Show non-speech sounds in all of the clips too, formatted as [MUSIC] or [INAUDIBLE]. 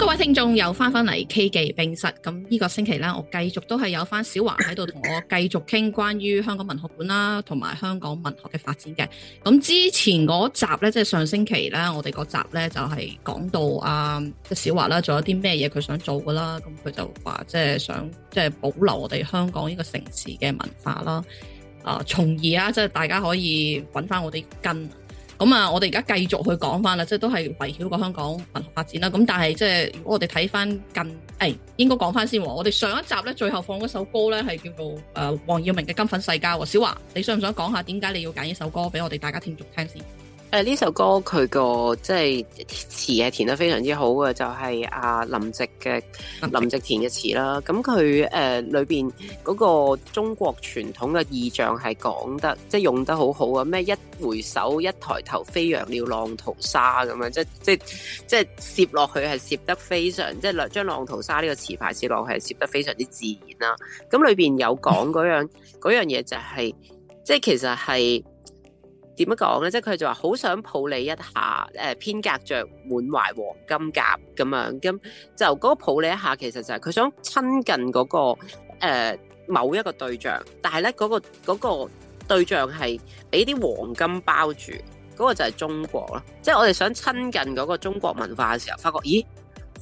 各位聽眾又翻翻嚟 K 記冰室。咁呢個星期呢，我繼續都係有翻小樺喺度同我繼續傾關於香港文學館啦，同 [LAUGHS] 埋香港文學嘅發展嘅。咁之前嗰集呢，即係上星期呢，我哋嗰集呢，就係講到啊，即小樺啦，做咗啲咩嘢佢想做噶啦，咁佢就話即係想即係保留我哋香港呢個城市嘅文化啦，啊，從而啊，即係大家可以揾翻我哋根。咁、嗯、啊，我哋而家繼續去講返啦，即係都係圍繞住香港文學發展啦。咁但係，即係，如果我哋睇返近，誒、哎，應該講返先。我哋上一集呢，最後放嗰首歌呢，係叫做誒黃、呃、耀明嘅《金粉世家》。小樺，你想唔想講下點解你要揀呢首歌俾我哋大家聽續聽先？誒、呃，呢首歌佢個即係詞係填得非常之好嘅，就係、是、阿、啊、林夕嘅林夕填嘅詞啦。咁佢誒裏邊嗰個中國傳統嘅意象係講得即係用得好好啊！咩一回首一抬頭飛揚，飛揚了浪淘沙咁樣，即即即攝落去係攝得非常，即係將「將浪淘沙呢個詞牌攝落去係攝得非常之自然啦。咁裏邊有講嗰樣嗰、嗯、樣嘢就係、是，即係其實係。點樣講呢？即係佢就話好想抱你一下，誒、呃、偏隔着滿懷黃金甲咁樣，咁就嗰抱你一下其實就係佢想親近嗰、嗰個、呃、某一個對象，但係呢，嗰、嗰個嗰、嗰個、對象係俾啲黃金包住，嗰、嗰個就係中國咯。即係我哋想親近嗰個中國文化嘅時候，發覺咦？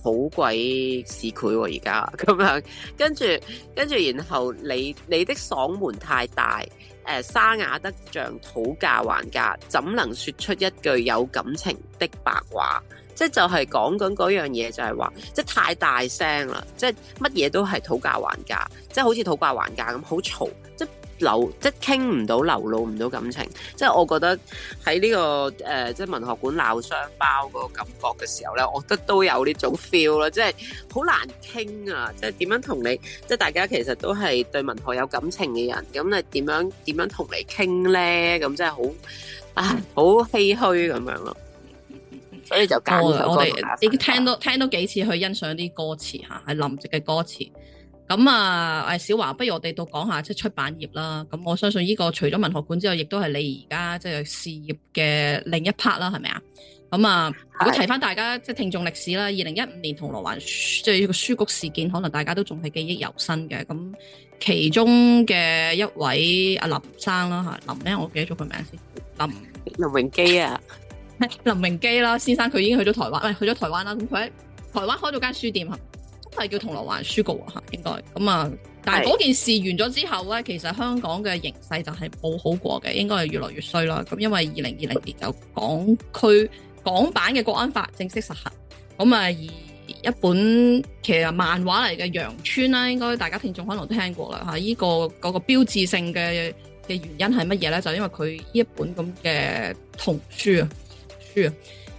好鬼市儈喎，而家咁樣，跟住跟住，然後你你的嗓門太大，誒、呃、沙啞得像討價還價，怎能說出一句有感情的白話？即就係講緊嗰樣嘢，就係話，即太大聲啦，即係乜嘢都係討價還價，即係好似討價還價咁，好嘈，即流即係傾唔到，流露唔到感情，即係我覺得喺呢個誒，即係文學館鬧雙包嗰個感覺嘅時候咧，我覺得都有呢種 feel 咯，即係好難傾啊！即係點樣同你，即係大家其實都係對文學有感情嘅人，咁你點樣點樣同你傾咧？咁真係好啊，好唏噓咁樣咯。所以就減少嗰啲你聽多聽多幾次去欣賞啲歌詞吓，係林夕嘅歌詞。咁啊，小華，不如我哋到講下即係、就是、出版業啦。咁我相信呢個除咗文學館之外，亦都係你而家即係事業嘅另一 part 啦，係咪啊？咁啊，如果提翻大家即係、就是、聽眾歷史啦，二零一五年銅鑼灣即係、就是、呢個書局事件，可能大家都仲係記憶猶新嘅。咁其中嘅一位阿林生啦，吓，林咩？我唔記得咗佢名先，林林榮基啊， [LAUGHS] 林榮基啦，先生佢已經去咗台灣，喂，去咗台灣啦。咁佢喺台灣開咗間書店。都係叫銅鑼灣書局吓，應該咁啊。但係嗰件事完咗之後咧，其實香港嘅形勢就係冇好過嘅，應該係越嚟越衰啦。咁因為二零二零年有港區港版嘅國安法正式實行，咁啊，而一本其實漫畫嚟嘅《羊村》咧，應該大家聽眾可能都聽過啦吓。呢、呢個嗰個標誌性嘅嘅原因係乜嘢咧？就因為佢呢一本咁嘅童書書。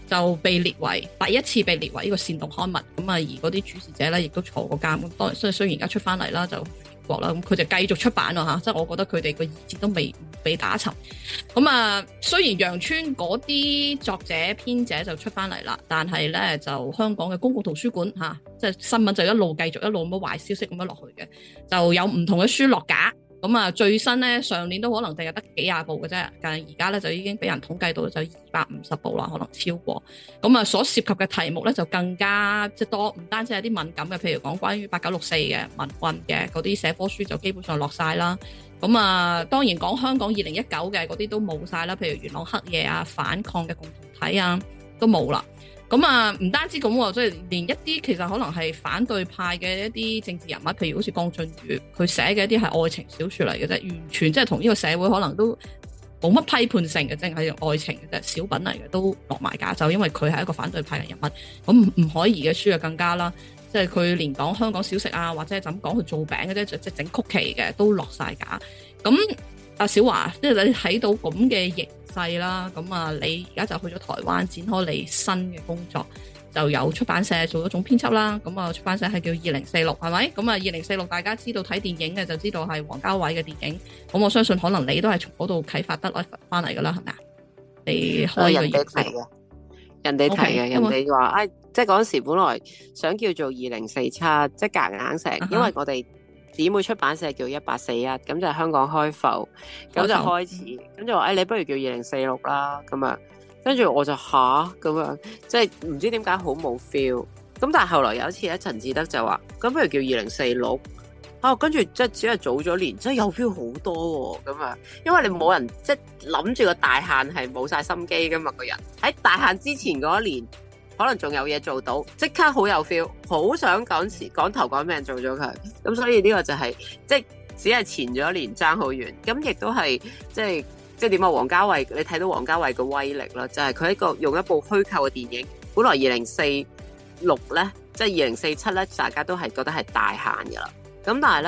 就被列為第一次被列為呢個煽動刊物咁啊！而嗰啲主持者咧，亦都坐過監咁。當然，雖雖然而家出翻嚟啦，就國啦，咁佢就繼續出版啦嚇。即、啊、係我覺得佢哋個意志都未被打沉。咁啊，雖然羊村嗰啲作者編者就出翻嚟啦，但係咧就香港嘅公共圖書館吓、啊，即係新聞就一路繼續一路咁壞消息咁樣落去嘅，就有唔同嘅書落架。咁啊，最新咧上年都可能淨係得幾廿部嘅啫，但係而家咧就已經俾人統計到就二百五十部啦，可能超過。咁啊，所涉及嘅題目咧就更加即多，唔單止係啲敏感嘅，譬如講關於八九六四嘅民運嘅嗰啲寫科書就基本上落晒啦。咁啊，當然講香港二零一九嘅嗰啲都冇晒啦，譬如元朗黑夜啊、反抗嘅共同體啊，都冇啦。咁啊，唔單止咁，即係連一啲其實可能係反對派嘅一啲政治人物，譬如好似鄺俊宇，佢寫嘅一啲係愛情小説嚟嘅啫，完全即係同呢個社會可能都冇乜批判性嘅，淨係愛情嘅啫，小品嚟嘅都落埋架，就因為佢係一個反對派嘅人物。咁吳靄儀嘅書就更加啦，即係佢連講香港小食啊，或者係點講佢做餅嘅啫，即、就、係、是、整曲奇嘅都落晒架。咁阿小華，即係你睇到咁嘅形勢啦，咁啊，你而家就去咗台灣展開你新嘅工作，就有出版社做咗種編輯啦，咁啊，出版社係叫二零四六，係咪？咁啊，二零四六大家知道睇電影嘅就知道係王家衛嘅電影，咁我相信可能你都係從嗰度啟發得我翻嚟噶啦，係咪啊？你人哋提嘅，人哋提嘅，人哋話、okay, okay.，哎，即係嗰時本來想叫做二零四七，即係夾硬成，因為我哋。姊妹出版社叫一八四一，咁就係香港開埠，咁就開始，咁就話，哎，你不如叫二零四六啦，咁啊，跟住我就嚇，咁樣，即係唔知點解好冇 feel，咁但係後來有一次咧，陳智德就話，咁不如叫二零四六，啊，跟住即係只係早咗年，真係有 feel 好多喎，哦，咁啊，因為你冇人即係諗住個大限係冇晒心機噶嘛，個人喺大限之前嗰一年。可能仲有嘢做到，即刻好有 feel，好想趕時趕頭趕命做咗佢。咁所以呢個就係即係即只係前咗一年爭好遠，咁亦都係即係即係點啊？王家衛你睇到王家衛嘅威力啦，就係、是、佢一個用一部虛構嘅電影，本來二零四六呢，即係二零四七呢，大家都係覺得係大限噶啦。咁但係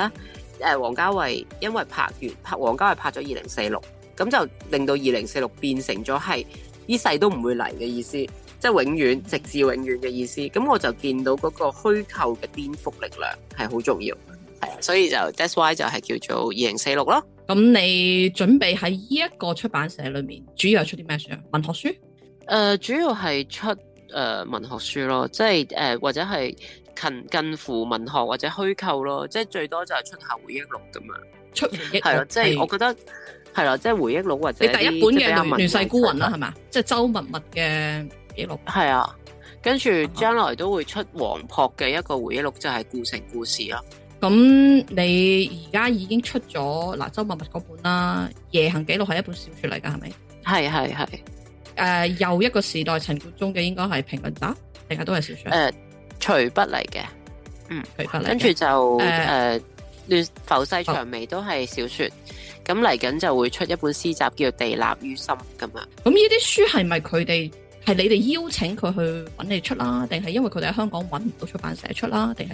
呢，王家衛因為拍完拍，王家衛拍咗二零四六，咁就令到二零四六變成咗係呢世都唔會嚟嘅意思。即係永遠直至永遠嘅意思，咁我就見到嗰個虛構嘅顛覆力量係好重要的，係啊，所以就 that's why 就係叫做二零四六咯。咁你準備喺呢一個出版社裏面，主要係出啲咩書啊？文學書？誒、呃，主要係出誒、呃、文學書咯，即係誒、呃、或者係近近乎文學或者虛構咯，即係最多就係出下回憶錄咁樣。出回憶係咯，即係、就是、我覺得係啦，即係、就是、回憶錄或者你第一本嘅《亂世孤雲、啊》啦，係嘛？即係周蜜蜜嘅。記錄係啊，跟住將來都會出黃渤嘅一個回憶錄，就係、是、故城故事啦。咁、嗯、你而家已經出咗嗱周默默嗰本啦，《夜行記錄》係一本小說嚟噶，係咪？系系系，誒、呃、又一個時代陳冠中嘅，應該係評論打，定係都係小說。誒、呃，隨筆嚟嘅，嗯，隨筆嚟。跟住就誒，亂浮世薔薇都係小說。咁嚟緊就會出一本詩集，叫《地立於心》噶嘛。咁呢啲書係咪佢哋？係你哋邀請佢去搵你出啦，定係因為佢哋喺香港搵唔到出版社出啦，定係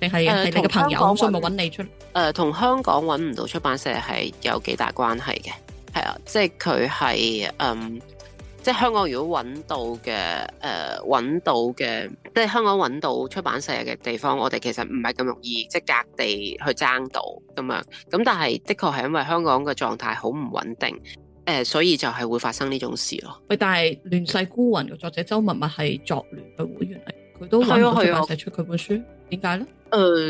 定係你哋嘅朋友，呃、所以咪搵你出？誒、呃，同香港搵唔到出版社係有幾大關係嘅，係啊，即係佢係嗯，即係香港如果搵到嘅誒，搵、呃、到嘅，即係香港搵到出版社嘅地方，我哋其實唔係咁容易即係隔地去爭到咁樣。咁但係的確係因為香港嘅狀態好唔穩定。誒、呃，所以就係會發生呢種事咯。喂，但係《亂世孤魂》嘅作者周文默係作聯嘅會員嚟，佢都諗唔到寫出佢本書，點解咧？誒、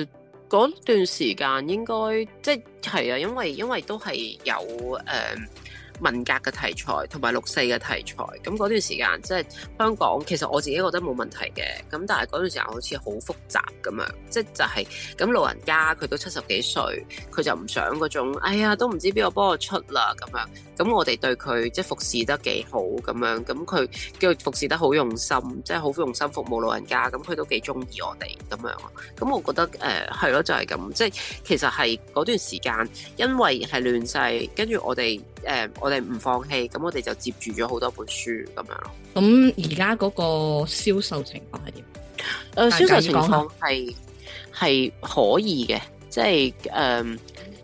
啊，嗰、呃、段時間應該即係啊，因為因為都係有誒。呃文革嘅題材同埋六四嘅題材，咁嗰段時間即係香港，其實我自己覺得冇問題嘅，咁但係嗰段時間好似好複雜咁樣，即係就係，咁老人家佢都七十幾歲，佢就唔想嗰種，哎呀都唔知邊個幫我出啦咁樣，咁我哋對佢即係服侍得幾好咁樣，咁佢叫佢服侍得好用心，即係好用心服務老人家，咁佢都幾中意我哋咁樣，咁我覺得誒係咯，就係，咁，即係其實係嗰段時間，因為係亂世，跟住我哋誒。呃我哋唔放棄，咁我哋就接住咗好多本書咁樣咯。咁而家嗰個銷售情況係點？誒、呃，銷售情況係係可以嘅，即係誒，即、呃、係、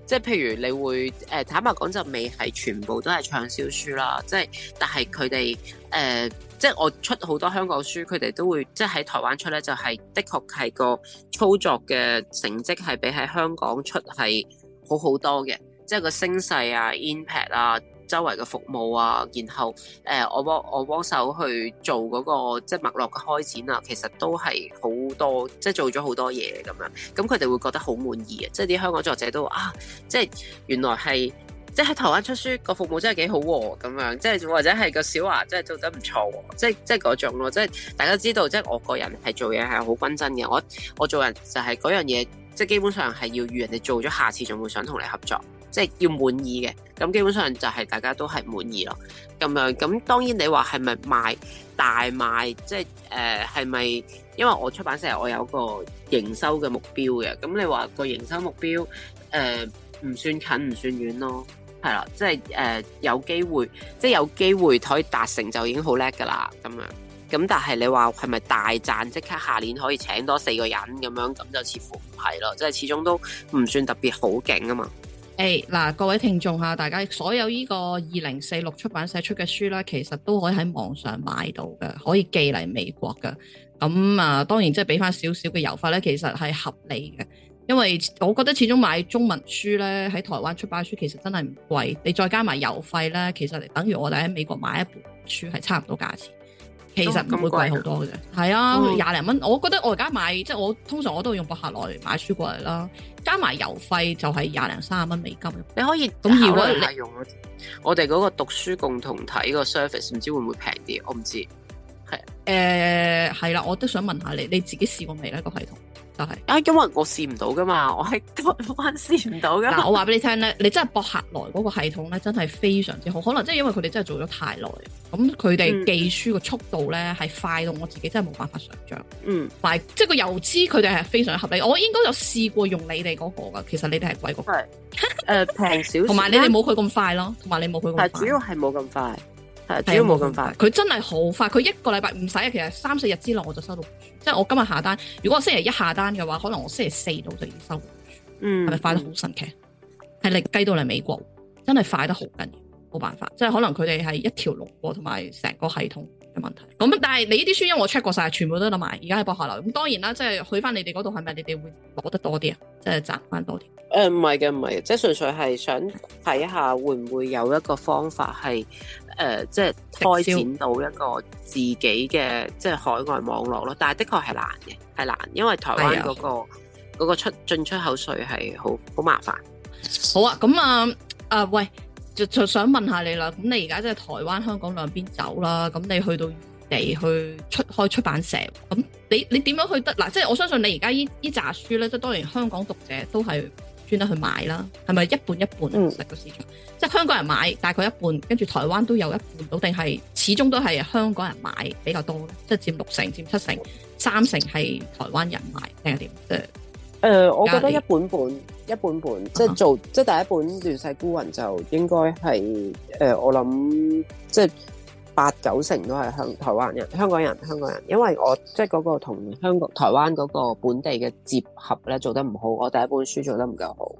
就是、譬如你會誒、呃，坦白講就未係全部都係暢銷書啦。即、就、係、是，但係佢哋誒，即、呃、係、就是、我出好多香港書，佢哋都會即係喺台灣出咧，就係、是、的確係個操作嘅成績係比喺香港出係好好多嘅，即、就、係、是、個聲勢啊、impact 啊。周圍嘅服務啊，然後誒、呃，我幫我幫手去做嗰個即係脈絡嘅開展啊，其實都係好多，即係做咗好多嘢咁樣。咁佢哋會覺得好滿意啊。即係啲香港作者都啊，即係原來係即係喺台灣出書個服務真係幾好喎，咁樣即係或者係個小樺真係做得唔錯，即係即係嗰種咯。即係大家都知道，即係我個人係做嘢係好均真嘅。我我做人就係嗰樣嘢，即係基本上係要與人哋做咗，下次仲會想同你合作。即係要滿意嘅，咁基本上就係大家都係滿意咯，咁樣咁當然你話係咪賣大賣，即係誒係咪？因為我出版社我有個營收嘅目標嘅，咁你話個營收目標誒唔算近唔算遠咯，係啦，即係誒有機會，即係有機會可以達成就已經好叻噶啦，咁樣咁但係你話係咪大賺即刻下年可以請多四個人咁樣，咁就似乎唔係咯，即係始終都唔算特別好勁啊嘛～誒、hey，嗱各位聽眾吓、啊，大家所有呢個二零四六出版社出嘅書咧，其實都可以喺網上買到嘅，可以寄嚟美國嘅。咁啊，當然即係俾翻少少嘅郵費咧，其實係合理嘅。因為我覺得始終買中文書咧，喺台灣出版書其實真係唔貴，你再加埋郵費咧，其實等於我哋喺美國買一本書係差唔多價錢。其實咁會貴好多嘅，係啊，廿零蚊。我覺得我而家買，即係我通常我都會用博客來買書過嚟啦，加埋郵費就係廿零三十蚊美金。你可以咁用一用，我哋嗰個讀書共同體個 service，唔知會唔會平啲？我唔知。係誒，係、呃、啦、啊，我都想問下你，你自己試過未呢、呢個系統？就係、是，啊，因為我試唔到噶嘛，我係 [LAUGHS] 我係試唔到噶。我話俾你聽咧，你真係博客來嗰個系統咧，真係非常之好。可能即係因為佢哋真係做咗太耐，咁佢哋寄書個速度咧係、嗯、快到我自己真係冇辦法想象。嗯，快，即係個郵資佢哋係非常合理。我應該有試過用你哋嗰個噶，其實你哋係貴過。係，誒、呃，平少，同 [LAUGHS] 埋你哋冇佢咁快咯，同埋你冇佢咁快，主要係冇咁快。係，只要冇咁快，快，快，佢真係好快。佢一個禮拜唔使，其實三四日之內我就收到。即係我今日下單，如果我星期一下單嘅話，可能我星期四度就已經收到。嗯，係咪快得好神奇？係你計到嚟美國，真係快得好緊要，冇辦法。即係可能佢哋係一條龍過，同埋成個系統嘅問題，咁但係你呢啲書因我 check 過晒，全部都攞埋，而家喺博客來。咁當然啦，即係去翻你哋嗰度，係咪你哋會攞得多啲啊？即係賺翻多啲？誒唔係嘅，唔係嘅，即係純粹係想睇下會唔會有一個方法係誒、呃，即係開展到一個自己嘅即係海外網絡咯。但係的確係難嘅，係難，因為台灣嗰、嗰個嗰個出進出口稅係好好麻煩。好啊，咁啊啊喂！就想問下你啦，咁你而家即係台灣、香港兩邊走啦，咁你去到地去出開出版社，咁你你點樣去得？嗱，即係我相信你而家呢依紮書呢，即係當然香港讀者都係專登去買啦，係咪一半一半食個市場？嗯，即係香港人買大概一半，跟住台灣都有一半，到定係始終都係香港人買比較多，即係佔六成、佔七成、三成係台灣人買定係點？誒、呃，我覺得一本本一本本，即係做即係第一本《亂世孤雲》，就應該係誒、呃，我諗即係八九成都係香台灣人、香港人、香港人，因為我即係嗰個同香港、台灣嗰個本地嘅結合咧做得唔好，我第一本書做得唔夠好，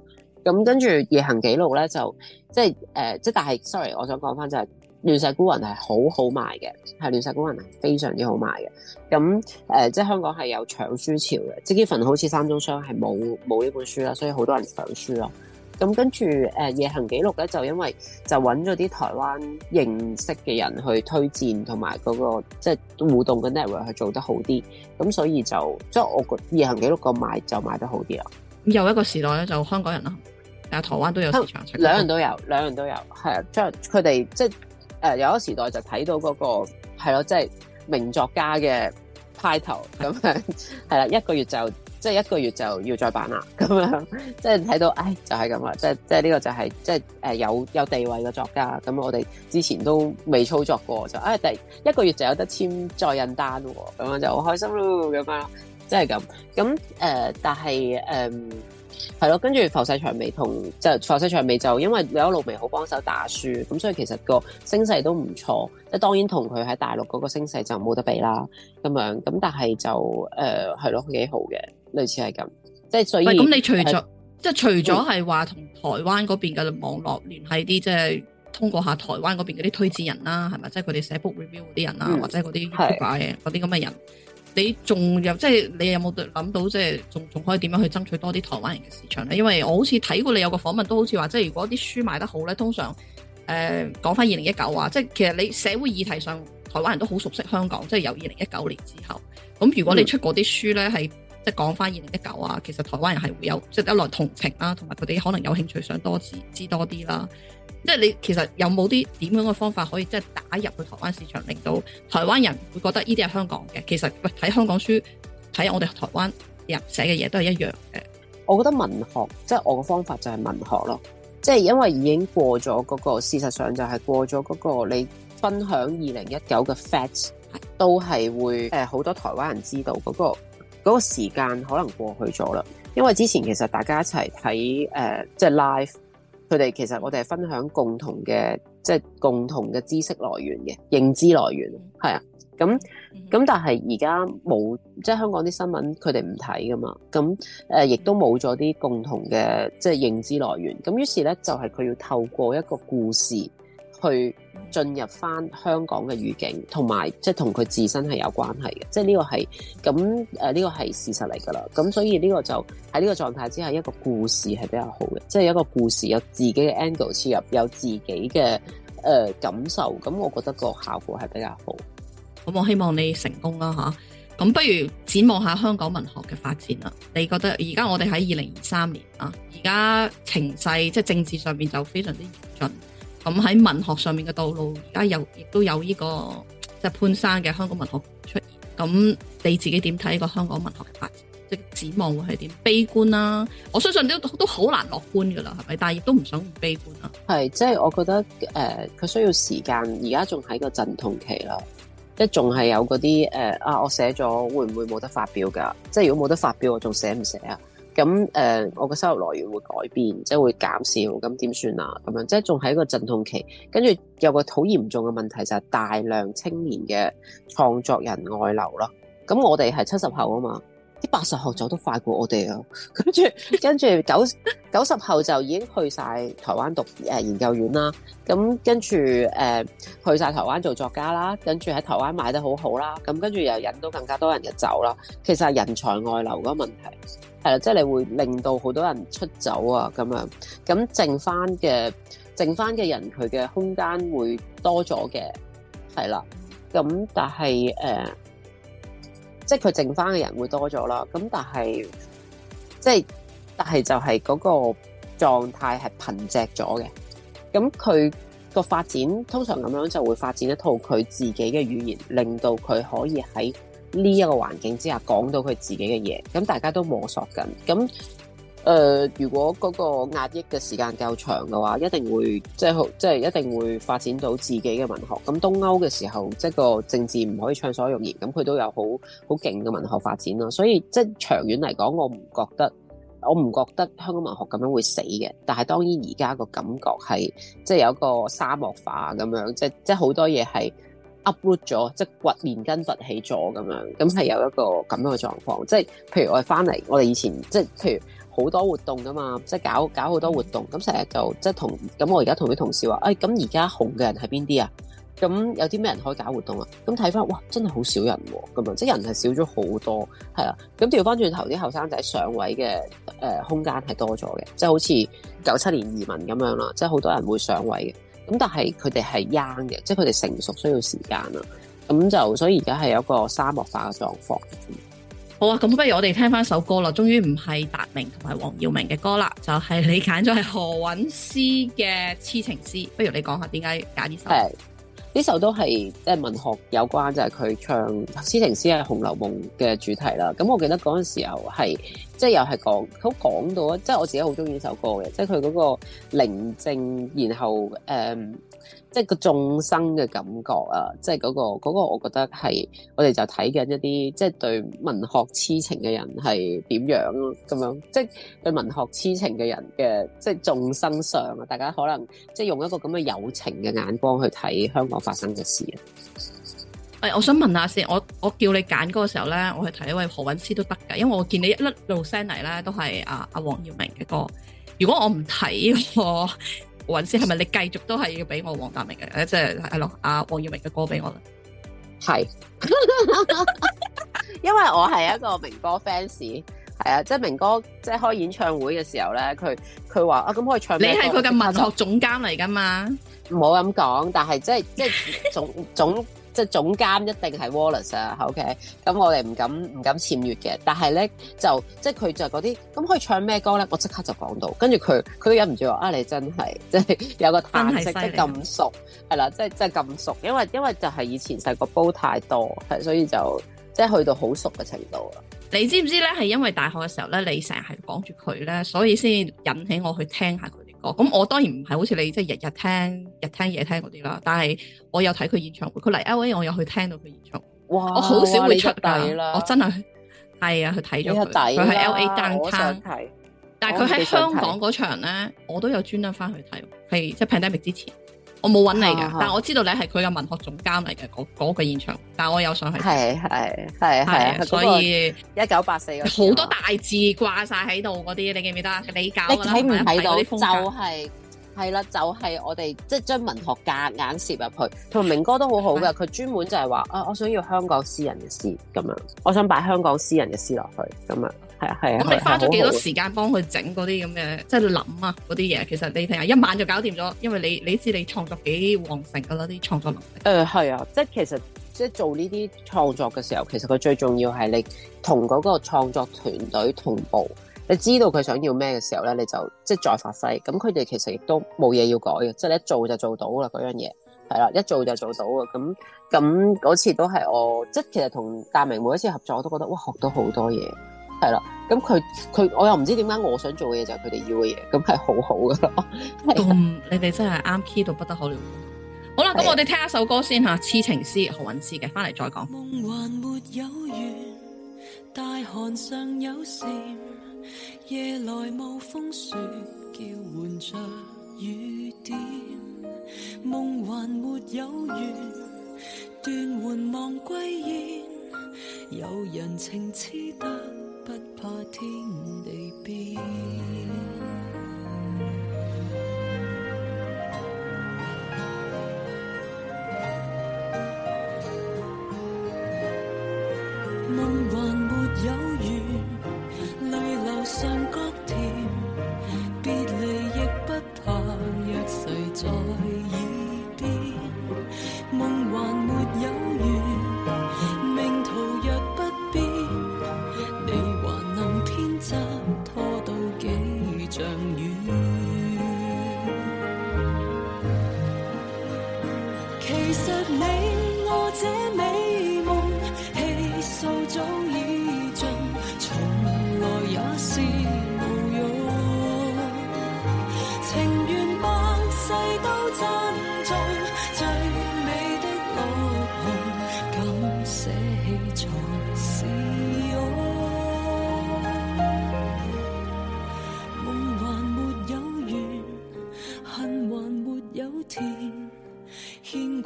咁跟住《夜行記錄》呢咧就即係、呃、即係但係，sorry，我想講返就係、是。亂世孤魂係好好賣嘅，係亂世孤魂係非常之好賣嘅。咁誒、呃，即係香港係有搶書潮嘅，即係呢份好似三中商係冇冇呢本書啦，所以好多人搶書咯。咁跟住誒《夜行記錄》咧，就因為就揾咗啲台灣認識嘅人去推薦，同埋嗰個即係互動嘅 network 去做得好啲，咁所以就即係我覺《夜行記錄》個賣就賣得好啲啊。又一個時代咧，就香港人啦，但係台灣都有市場、嗯、兩人都有，兩人都有，係啊，即係佢哋即係。誒、uh, 有一個時代就睇到嗰，那個係咯，即係，就是，名作家嘅派頭咁樣，係 [LAUGHS] 啦，一個月就即係，就是，一個月就要再版啦，咁樣即係睇到，唉，哎，就係咁啦，即係即係呢個就係即係有有地位嘅作家，咁我哋之前都未操作過，就唉，第，哎、一個月就有得簽再印單喎，咁樣就好開心咯，咁樣即係咁，咁、就、誒，是呃，但係係咯，跟住浮世薔薇同即係浮世薔薇就因為有一路明好幫手打書，咁所以其實個聲勢都唔錯。即係當然同佢喺大陸嗰個聲勢就冇得比啦。咁樣咁但係就誒係咯，幾、呃、好嘅，類似係咁。即係所以咁，你除咗即係除咗係話同台灣嗰邊嘅網絡聯繫啲，即係通過下台灣嗰邊嗰啲推薦人啦，係咪？即係佢哋寫 book review 嗰啲人啦、嗯，或者嗰啲奇嗰啲咁嘅人。你仲有即係你有冇諗到即係仲仲可以點樣去爭取多啲台灣人嘅市場咧？因為我好似睇過你有個訪問，都好似話即係如果啲書賣得好咧，通常誒講翻二零一九啊，呃、2019，即係其實你社會議題上台灣人都好熟悉香港，即係由二零一九年之後，咁如果你出嗰啲書咧係、嗯、即係講翻二零一九啊，其實台灣人係會有即係一來同情啦，同埋佢哋可能有興趣想多知多知多啲啦。即係你其實有冇啲點樣嘅方法可以即係打入去台灣市場，令到台灣人會覺得呢啲係香港嘅？其實睇香港書，睇我哋台灣人寫嘅嘢都係一樣嘅。我覺得文學即係、就是、我嘅方法就係文學咯。即、就、係、是、因為已經過咗嗰、那個，事實上就係過咗嗰、那個你分享二零一九嘅 fact 都係會誒好、呃、多台灣人知道嗰、那個嗰、那個時間可能過去咗啦。因為之前其實大家一齊睇誒即係 live。佢哋其實我哋係分享共同嘅，即係共同嘅知識來源嘅認知來源，係 mm-hmm. 啊，咁咁但係而家冇，即係香港啲新聞佢哋唔睇噶嘛，咁誒亦都冇咗啲共同嘅，即係認知來源，咁於是咧就係佢要透過一個故事。去進入翻香港嘅語境，同埋即係同佢自身係有關係嘅，即係呢個係咁誒，呢、呃這個係事實嚟噶啦。咁所以呢個就喺呢個狀態之下，一個故事係比較好嘅，即係一個故事有自己嘅 angle 切入，有自己嘅誒、呃、感受。咁我覺得個效果係比較好的。咁我希望你成功啦吓。咁不如展望下香港文學嘅發展啦。你覺得而家我哋喺二零二三年啊，而家情勢即係政治上面就非常之嚴峻。咁喺文學上面嘅道路，而家有亦都有呢、這個即係、就是、潘生嘅香港文學出現。咁你自己點睇呢個香港文學嘅發展？即係展望會係點？悲觀啦、啊，我相信都都好難樂觀噶啦，係咪？但係亦都唔想唔悲觀啊。係即係我覺得誒，佢、呃、需要時間，而家仲喺個陣痛期啦，即仲係有嗰啲誒啊，我寫咗會唔會冇得發表噶？即、就、係、是、如果冇得發表，我仲寫唔寫啊？咁誒、呃，我個收入來源會改變，即係會減少，咁點算啊？咁樣即係仲係一個陣痛期，跟住有個好嚴重嘅問題就係大量青年嘅創作人外流咯。咁我哋係七十後啊嘛。八十後走得快過我哋啊！跟住跟住九九十後就已經去晒台灣讀、呃、研究院啦。咁跟住誒、呃、去晒台灣做作家啦。跟住喺台灣賣得好好啦。咁跟住又引到更加多人嘅走啦。其實人才外流嗰個問題係啦，即係、就是、你會令到好多人出走啊咁樣。咁剩翻嘅剩翻嘅人佢嘅空間會多咗嘅係啦。咁但係誒、呃即係佢剩翻嘅人會多咗啦，咁但係，即係，但係就係嗰個狀態係貧瘠咗嘅。咁佢個發展通常咁樣就會發展一套佢自己嘅語言，令到佢可以喺呢一個環境之下講到佢自己嘅嘢。咁大家都摸索緊，咁。誒、呃，如果嗰個壓抑嘅時間較長嘅話，一定會即係即係一定會發展到自己嘅文學。咁東歐嘅時候，即係個政治唔可以暢所欲言，咁佢都有好好勁嘅文學發展咯。所以即係長遠嚟講，我唔覺得我唔覺得香港文學咁樣會死嘅。但係當然而家個感覺係即係有一個沙漠化咁樣，即係即好多嘢係 uproot 咗，即係掘連根拔起咗咁樣，咁係有一個咁樣嘅狀況。即譬如我哋翻嚟，我哋以前即譬如。好多活動噶嘛，即係搞搞好多活動，咁成日就即係同咁我而家同啲同事話，哎咁而家紅嘅人係邊啲啊？咁有啲咩人可以搞活動啊？咁睇翻哇，真係好少人㗎、啊、嘛，即係人係少咗好多，係啊，咁調翻轉頭啲後生仔上位嘅誒、呃、空間係多咗嘅，即係好似九七年移民咁樣啦，即係好多人會上位嘅，咁但係佢哋係 young 嘅，即係佢哋成熟需要時間啊，咁就所以而家係有一個沙漠化嘅狀況。好啊，咁不如我哋聽翻首歌啦。終於唔係達明同埋黃耀明嘅歌啦，就係你揀咗係何韻詩嘅《痴情詩》。不如你講下點解揀呢首歌？呢首都係即係文學有關，就係佢唱《痴情詩》係《紅樓夢》嘅主題啦。咁我記得嗰陣時候係即係又係講好講到啊，即係我自己好中意呢首歌嘅，即係佢嗰個寧靜，然後誒。嗯即係個眾生嘅感覺啊，即係嗰個嗰個，嗰個、我覺得係我哋就睇緊一啲即係對文學痴情嘅人係點樣咁樣？即係對文學痴情嘅人嘅即係眾生上啊。大家可能即係用一個咁嘅友情嘅眼光去睇香港發生嘅事啊。誒、哎，我想問下先，我我叫你揀歌嘅時候咧，我去睇一位何韻詩都得㗎，因為我見你一粒路 send 嚟咧都係阿阿黃耀明嘅歌。如果我唔睇 [LAUGHS] 韻詩，係咪你繼續都係要俾我黃大明嘅，即係係咯，阿、啊、黃耀明嘅歌俾我啦。係 [LAUGHS] ，因為我係一個明哥 fans，是的、就是、明哥 fans，係啊，即係明哥即係開演唱會嘅時候咧，佢佢話啊，咁可以唱咩歌。你係佢嘅文學總監嚟噶嘛？唔好咁講，但係即係即係總。總 [LAUGHS] 即總監一定係 Wallace 啊，OK？咁我哋唔敢唔敢僭越嘅。但係咧，就即係佢就嗰啲，咁可以唱咩歌咧？我即刻就講到，跟住佢佢都忍唔住話：啊，你真係即係有個特色即係咁熟，係啦，即係即係咁熟。因為因為就係以前細個煲太多，係所以就即係去到好熟嘅程度啦。你知唔知咧？係因為大學嘅時候咧，你成日係講住佢咧，所以先引起我去聽下佢。咁我當然唔係好似你即係日日，日聽日聽夜聽嗰啲啦，但係我有睇佢演唱會，佢嚟 L A 我有去聽到佢演唱會，我好少會出街啦，我真係係啊去睇咗佢，佢喺 L A downtown，但係佢喺香港嗰場咧，我都有專登返去睇，係即係 pandemic 之前。我冇揾你噶、啊，但我知道你係佢嘅文學總監嚟嘅嗰嗰個現場，但我有想去。係係係係，所以一九八四好多大字掛晒喺度嗰啲，你記唔記得？你搞嘅你睇唔睇到？就係係啦，就係、係就係、我哋即係將文學夾硬攝入去，同明哥都好好嘅，佢專門就係話啊，我想要香港詩人嘅詩咁樣，我想擺香港詩人嘅詩落去咁樣。係啊，咁你花咗幾多時間幫佢整嗰啲咁嘅，即係諗啊嗰啲嘢。其實你睇下一晚就搞掂咗，因為你你知你創作幾旺盛噶啦啲創作能力。誒、呃，係啊，即係其實即係做呢啲創作嘅時候，其實佢最重要係你同嗰個創作團隊同步。你知道佢想要咩嘅時候咧，你就即係再發揮。咁佢哋其實亦都冇嘢要改嘅，即係一做就做到啦。嗰樣嘢係啦，一做就做到。咁咁嗰次都係我即係其實同大明每一次合作，我都覺得哇，學到好多嘢。係啦，咁佢佢，我又唔知點解，我想做嘅嘢，就係佢哋要嘅嘢，咁係好好噶。你哋真係啱 key 到不得好了。好啦，咁我哋聽一首歌先吓，《痴情詩》何韻詩嘅，翻嚟再講。夢幻沒有緣，大寒上有不怕天地變。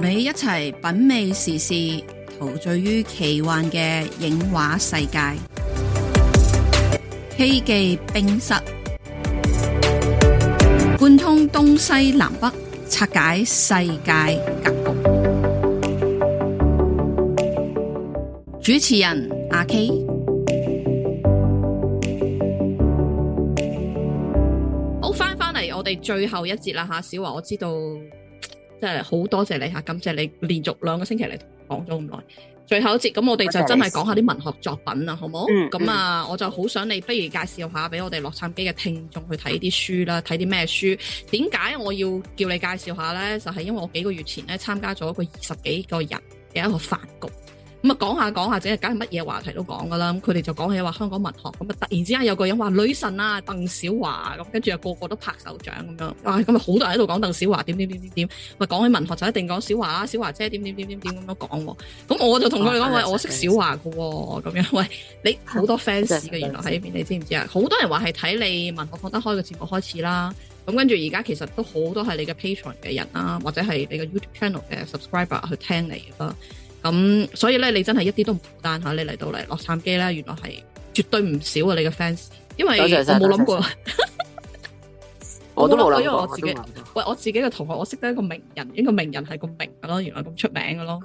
同你一齊品味時事，陶醉於奇幻嘅影畫世界。K 記 [MUSIC] 冰室貫 [MUSIC] 通東西南北，拆解世界格局。 [MUSIC] [MUSIC] 主持人阿 K，好翻返嚟，我哋最後一節啦吓。小樺，我知道。真係好多謝你嚇，感謝你連續兩個星期嚟講咗咁耐。最後一節咁，我哋就真係講下啲文學作品啦，好冇？咁、嗯、啊，我就好想你，不如介紹下俾我哋洛杉磯嘅聽眾去睇啲書啦，睇啲咩書？點解我要叫你介紹下呢？就係、是、因為我幾個月前咧參加咗一個二十幾個人嘅一個飯局。咁啊，講下講下，整日梗係乜嘢話題都講噶啦。佢哋就講起話香港文學，咁啊突然之間有個人話，女神啊鄧小樺，咁跟住又個個都拍手掌咁樣。哇、哎，咁啊好多人喺度講鄧小樺點點點點點。喂，講起文學就一定講小樺啊，小樺姐點點點點點咁樣講。咁我就同佢哋講喂，我識小樺噶。咁樣喂，你好多 fans 嘅，原來喺呢邊你知唔知啊？好多人話係睇你文學放得開嘅節目開始啦。咁跟住而家其實都好多係你嘅 patron 嘅人啦，或者係你嘅 YouTube channel 嘅 subscriber 去聽你啦。咁、嗯、所以咧，你真係一啲都唔孤單下，你嚟到嚟洛杉磯咧，原來係絕對唔少啊！你嘅 fans，因為我冇諗過，謝謝謝謝 [LAUGHS] 我都冇諗過，因為我自己我也沒想過。喂，我自己嘅同學，我識得一個名人，一個名人係咁明噶咯原來咁出名噶咯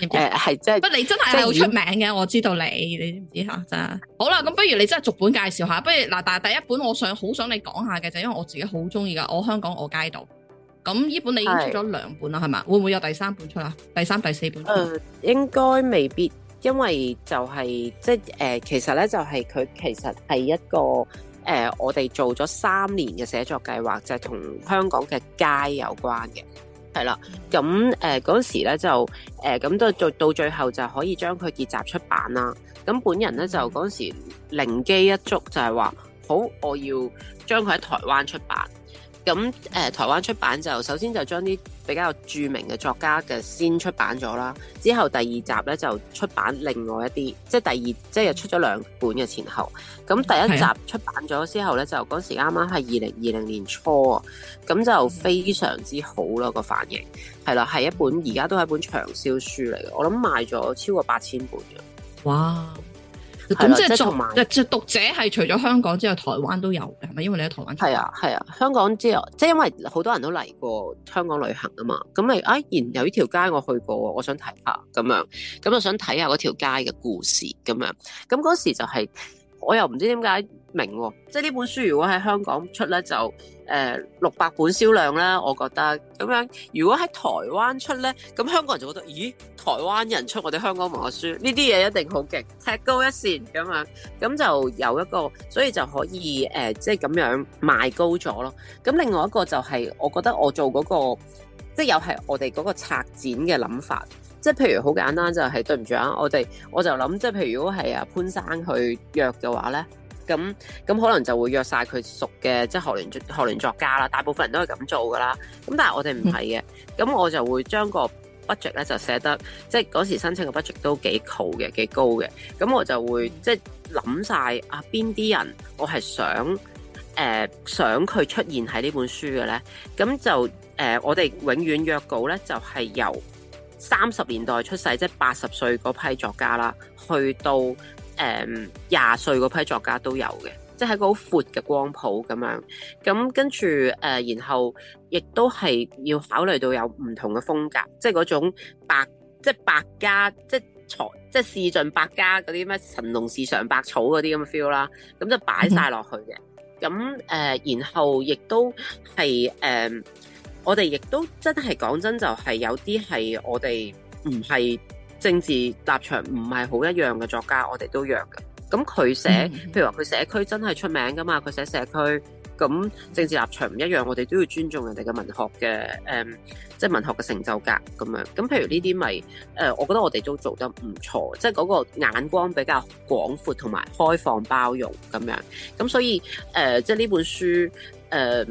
誒係、欸就是、真不、就是，你真係好出名嘅，我知道你，你知唔知吓？真係好啦，咁不如你真係逐本介紹一下，不如嗱，但係第一本，我想好想你講下嘅，就因為我自己好中意噶我香港我街道。咁呢本你已經出咗兩本啦，係嘛？會唔會有第三本出啊？第三、第四本出？誒、呃，應該未必，因為就係、是、即係誒、呃，其實咧就係、是、佢其實係一個誒、呃，我哋做咗三年嘅寫作計劃，就係、是、同香港嘅街有關嘅，係啦。咁誒嗰陣時咧就誒咁、呃，到到最後就可以將佢結集出版啦。咁本人咧就嗰陣時靈機一觸，就係話、就是、好，我要將佢喺台灣出版。咁誒、呃，台灣出版就首先就將啲比較著名嘅作家嘅先出版咗啦，之後第二集咧就出版另外一啲，即係第二即係出咗兩本嘅前後。咁第一集出版咗之後咧，就嗰時啱啱係二零二零年初啊，咁就非常之好咯、個反應，係啦，係一本而家都係一本長銷書嚟嘅，我諗賣咗超過八千本嘅，哇！咁即係讀者係除咗香港之外，台灣都有，係咪？因為你喺台灣係啊係啊，香港之後即係因為好多人都嚟過香港旅行啊嘛，咁咪啊，然、哎、有呢條街我去過，我想睇下咁樣，咁我想睇下嗰條街嘅故事咁樣，咁嗰時就係、是、我又唔知點解。明喎，即係呢本書如果喺香港出呢，就誒六百本銷量啦。我覺得咁樣，如果喺台灣出呢，咁香港人就覺得咦，台灣人出我哋香港文學書，呢啲嘢一定好勁，踢高一綫咁樣，咁就有一個，所以就可以誒，即係咁樣賣高咗咯。咁另外一個就係，我覺得我做嗰個，即又係我哋嗰個策展嘅諗法，即係譬如好簡單就係對唔住啊，我哋我就諗，即係譬如如果係潘生去約嘅話呢。咁咁可能就會約晒佢熟嘅，即、就、係、是、學聯作學聯作家啦。大部分人都係咁做噶啦。咁但係我哋唔係嘅。咁、嗯、我就會將個 budget 咧就寫得，即係嗰時申請嘅 budget 都幾高嘅，幾高嘅。咁我就會即係諗晒：就是想「啊，邊啲人我、呃呃，我係想誒想佢出現喺呢本書嘅咧。」咁就誒，我哋永遠約稿咧就係、是、由三十年代出世，即係八十歲嗰批作家啦，去到。誒，廿歲嗰批作家都有嘅，即係個好闊嘅光譜咁樣，咁跟住誒，然後亦都係要考慮到有唔同嘅風格，即係嗰種百，即係百家，即係才，即係試盡百家嗰啲咩神農嘗百草嗰啲咁嘅 feel 啦，咁就擺晒落去嘅，咁 [LAUGHS] 誒、啊，然後亦都係誒、啊，我哋亦都真係講真就係有啲係我哋唔係政治立場唔係好一樣嘅作家，我哋都約嘅。咁佢寫，譬如話佢社區真係出名噶嘛，佢寫社區。咁政治立場唔一樣，我哋都要尊重人哋嘅文學嘅，誒、嗯，即係文學嘅成就格咁樣。咁譬如呢啲咪，誒、呃，我覺得我哋都做得唔錯，即係嗰個眼光比較廣闊同埋開放包容咁樣。咁所以誒、呃，即係呢本書誒。呃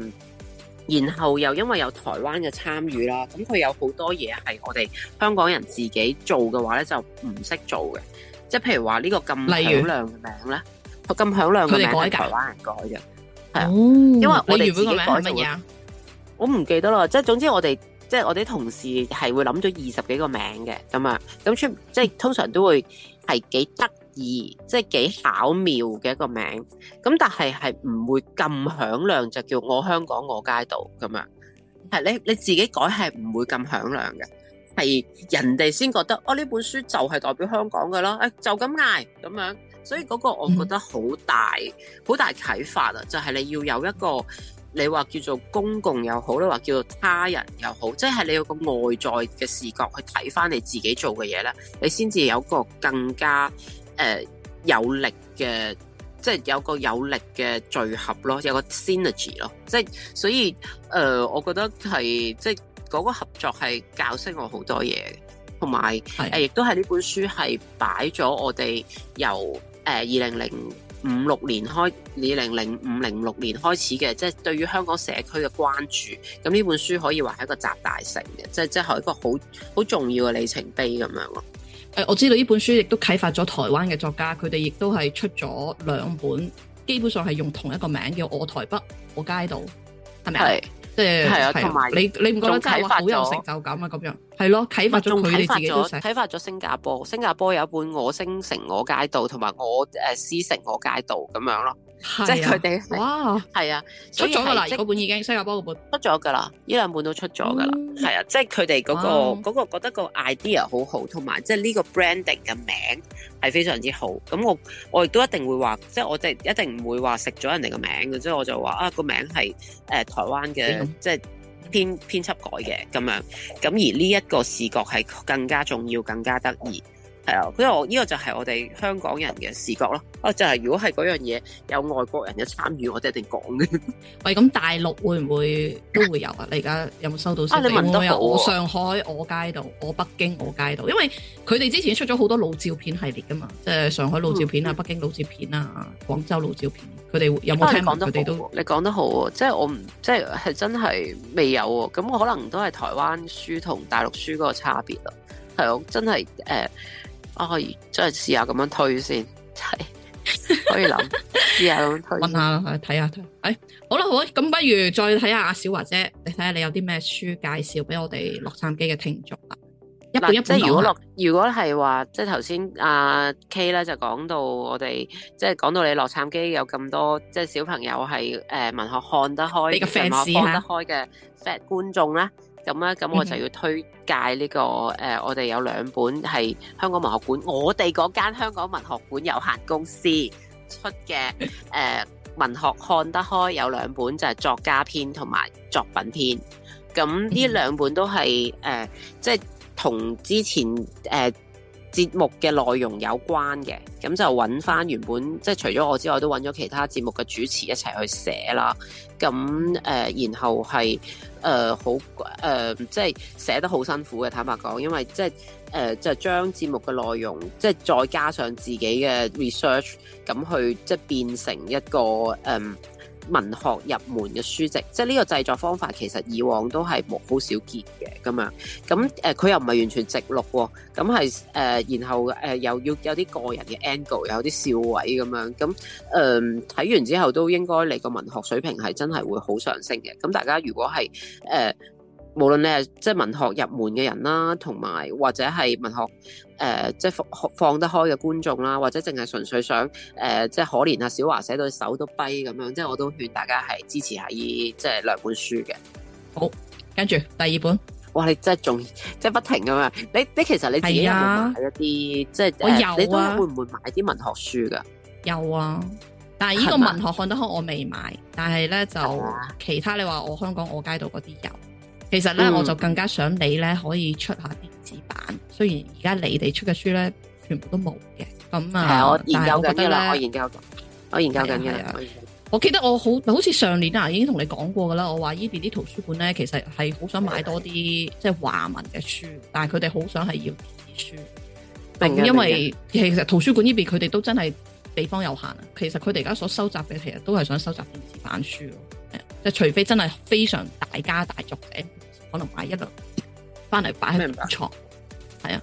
然後又因為有台灣嘅參與啦，咁佢有好多嘢係我哋香港人自己做嘅話咧，就唔識做嘅。即係譬如話呢個咁響亮嘅名咧，佢咁響亮嘅名係台灣人改嘅，係啊、哦。因為我哋自己改乜嘢啊？我唔記得啦。即係總之我哋即係我哋啲同事係會諗咗二十幾個名嘅咁啊，咁出即係通常都會係幾得。而即係幾巧妙嘅一個名，咁但係係唔會咁響亮，就叫我香港我街道咁樣，係你你自己改係唔會咁響亮嘅，係人哋先覺得哦呢本書就係代表香港嘅咯，誒就咁嗌咁樣，所以嗰個我覺得好大好大啟發啊，就係你要有一個你話叫做公共又好啦，話叫做他人又好，即係你有個外在嘅視角去睇翻你自己做嘅嘢咧，你先至有個更加。誒、呃，有力嘅，即係有個有力嘅聚合咯，有個 synergy 咯，即係所以誒、呃，我覺得係即係嗰、那個合作係教識我好多嘢，同埋誒，亦、呃、都係呢本書係擺咗我哋由誒二零零五六年開二零零五零六年開始嘅，即係對於香港社區嘅關注，咁呢本書可以話係一個集大成嘅，即係即係一個好好重要嘅里程碑咁樣咯。誒、哎，我知道呢本書亦都啟發咗台灣嘅作家，佢哋亦都係出咗兩本，基本上係用同一個名叫《我台北我街道》，係咪？係即係係啊，同埋你你唔覺得好有成就感啊？咁樣係咯，啟發咗佢哋自己，啟發咗，啟發咗新加坡，新加坡有一本《我星城我街道》同埋《我誒獅城我街道》咁樣咯。係啊、即係佢哋哇，係啊，出咗啦！嗰本已經新加坡嘅本出咗噶啦，呢兩本都出咗噶啦，係、嗯、啊！即係佢哋嗰個嗰、嗰個覺得個 idea 好好，同埋即係呢個 branding 嘅名係非常之好。咁我我亦都一定會話，即、就、係、係、我哋一定唔會話食咗人哋個名嘅，即係我就話啊個名係誒、呃、台灣嘅，即係編編輯改嘅咁樣。咁而呢一個視覺係更加重要，更加得意。係啊，因為呢個就係我哋香港人嘅視覺咯。哦，就係如果係嗰樣嘢有外國人嘅參與，我哋一定講嘅。喂，咁大陸會唔會都會有啊？你而家有冇收到？啊，你問得好。我上海我街道，我北京我街道，因為佢哋之前出咗好多老照片系列噶嘛，即係上海老照片啊，嗯、北京老照片啊，廣州老照片。佢哋有冇聽？佢、啊、哋都你講得好，即係我唔，即係係真係未有。咁可能都係台灣書同大陸書嗰個差別啦。係我真係誒。呃我可以再試下咁樣推先，係可以諗試 [LAUGHS] 下咁樣推，問下睇下睇。哎，好啦好啦，咁不如再睇下阿小華姐，你睇下你有啲咩書介紹俾我哋洛杉磯嘅聽眾啊？一本一本、就是、如果樂，如果係話即係頭先阿 K 咧就講到我哋，即係講到你洛杉磯有咁多，即、就、係、是、小朋友係誒、呃、文學看得開，粉絲看得開嘅 fat 觀眾咧。咁啦，咁我就要推介呢個誒，我哋有兩本係香港文學館，我哋嗰間香港文學館有限公司出嘅誒文學看得開有兩本，就係作家篇同埋作品篇。咁呢兩本都係誒，即係同之前誒。節目嘅內容有關嘅，咁就揾返原本即係除咗我之外，都揾咗其他節目嘅主持一齊去寫啦。咁誒、呃，然後係誒好誒，即係寫得好辛苦嘅。坦白講，因為即係誒、呃，就將節目嘅內容即係再加上自己嘅 research，咁去即係變成一個誒。呃文學入門嘅書籍，即係呢個製作方法其實以往都係冇好少見嘅咁樣，咁誒佢又唔係完全直錄喎、哦，咁係誒，然後誒又要有啲個人嘅 angle，有啲笑位咁樣，咁誒睇完之後都應該你個文學水平係真係會好上升嘅，咁大家如果係誒。呃無論你係即係文學入門嘅人啦，同埋或者係文學誒，即、呃、係、就是、放得開嘅觀眾啦，或者淨係純粹想誒、呃就是，即係可憐啊，小樺寫到手都跛咁樣，即係我都勸大家係支持下，呢即係兩本書嘅。好，跟住第二本，哇！你真係仲即係不停咁啊！你你其實你自己有冇買一啲、啊、即係？我有、啊，你都會唔會買啲文學書㗎？有啊，但係呢個文學看得開我未買，是但係咧就其他你話我香港我街道嗰啲有。其實咧、嗯，我就更加想你咧可以出下電子版。雖然而家你哋出嘅書咧，全部都冇嘅。咁、嗯、啊，係我研究緊啦。我研究緊，我研究緊嘅、啊啊。我記得我好好似上年啊，已經同你講過噶啦。我話呢邊啲圖書館咧，其實係好想買多啲即係華文嘅書，但係佢哋好想係要電子書，並因為其實圖書館呢邊佢哋都真係地方有限啊。其實佢哋而家所收集嘅，其實都係想收集電子版書咯。即係除非真係非常大家大作嘅。可能買一路翻嚟擺喺床。係啊，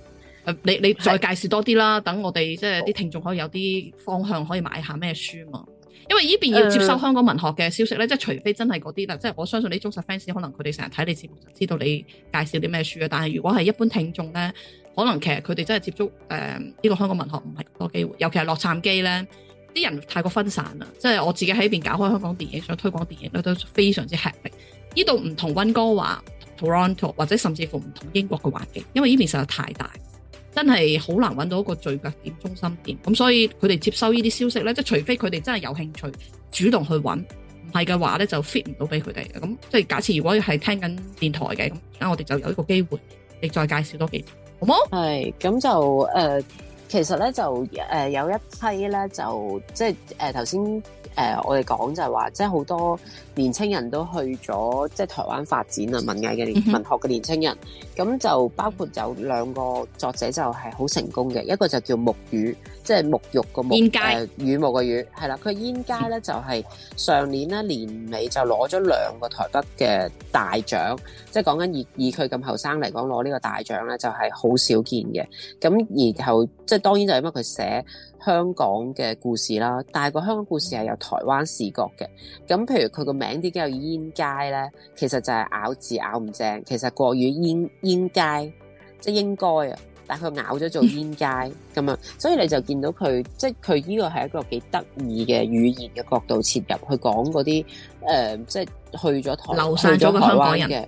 你你再介紹多啲啦，等我哋即係啲聽眾可以有啲方向可以買下咩書嘛？因為呢邊要接收香港文學嘅消息咧、呃，即係除非真係嗰啲，但即係我相信你忠實 fans 可能佢哋成日睇你節目，就知道你介紹啲咩書啊。但係如果係一般聽眾咧，可能其實佢哋真係接觸誒呢個香港文學唔係多機會，尤其係洛杉磯咧，啲人太過分散啦。即係我自己喺呢邊搞開香港電影，想推廣電影咧，都非常之吃力。呢度唔同溫哥華，Toronto 或者甚至乎唔同英國嘅環境，因為呢邊實在太大，真係好難揾到一個聚腳點、中心點。咁所以佢哋接收呢啲消息咧，即係除非佢哋真係有興趣主動去揾，唔係嘅話咧就 fit 唔到俾佢哋。咁即係假設如果係聽緊電台嘅，咁而家我哋就有一個機會，你再介紹多幾點，好冇？係咁就誒、呃，其實咧就誒、呃、有一批咧就即係誒頭先。呃誒、呃，我哋講就係話，即係好多年青人都去咗即係台灣發展啊，文藝嘅年文學嘅年青人，咁、嗯、就包括有兩個作者就係好成功嘅，一個就叫木羽，即、就、係、是、沐浴個木誒、呃，羽毛嘅羽，係啦。佢而家咧就係、是、上年咧年尾就攞咗兩個台北嘅大獎，即係講緊以以佢咁後生嚟講攞呢個大獎咧，就係、是、好少見嘅。咁然後即係、就是、當然就係因為佢寫香港嘅故事啦，但係個香港故事係有。台灣視角嘅，咁譬如佢個名啲叫煙街咧，其實就係咬字咬唔正，其實國語煙煙街，即係應該啊，但佢咬咗做煙街咁啊，所以你就見到佢，即係佢呢個係一個幾得意嘅語言嘅角度切入去講嗰啲誒，即係去咗台，流曬咗嘅香港人嘅，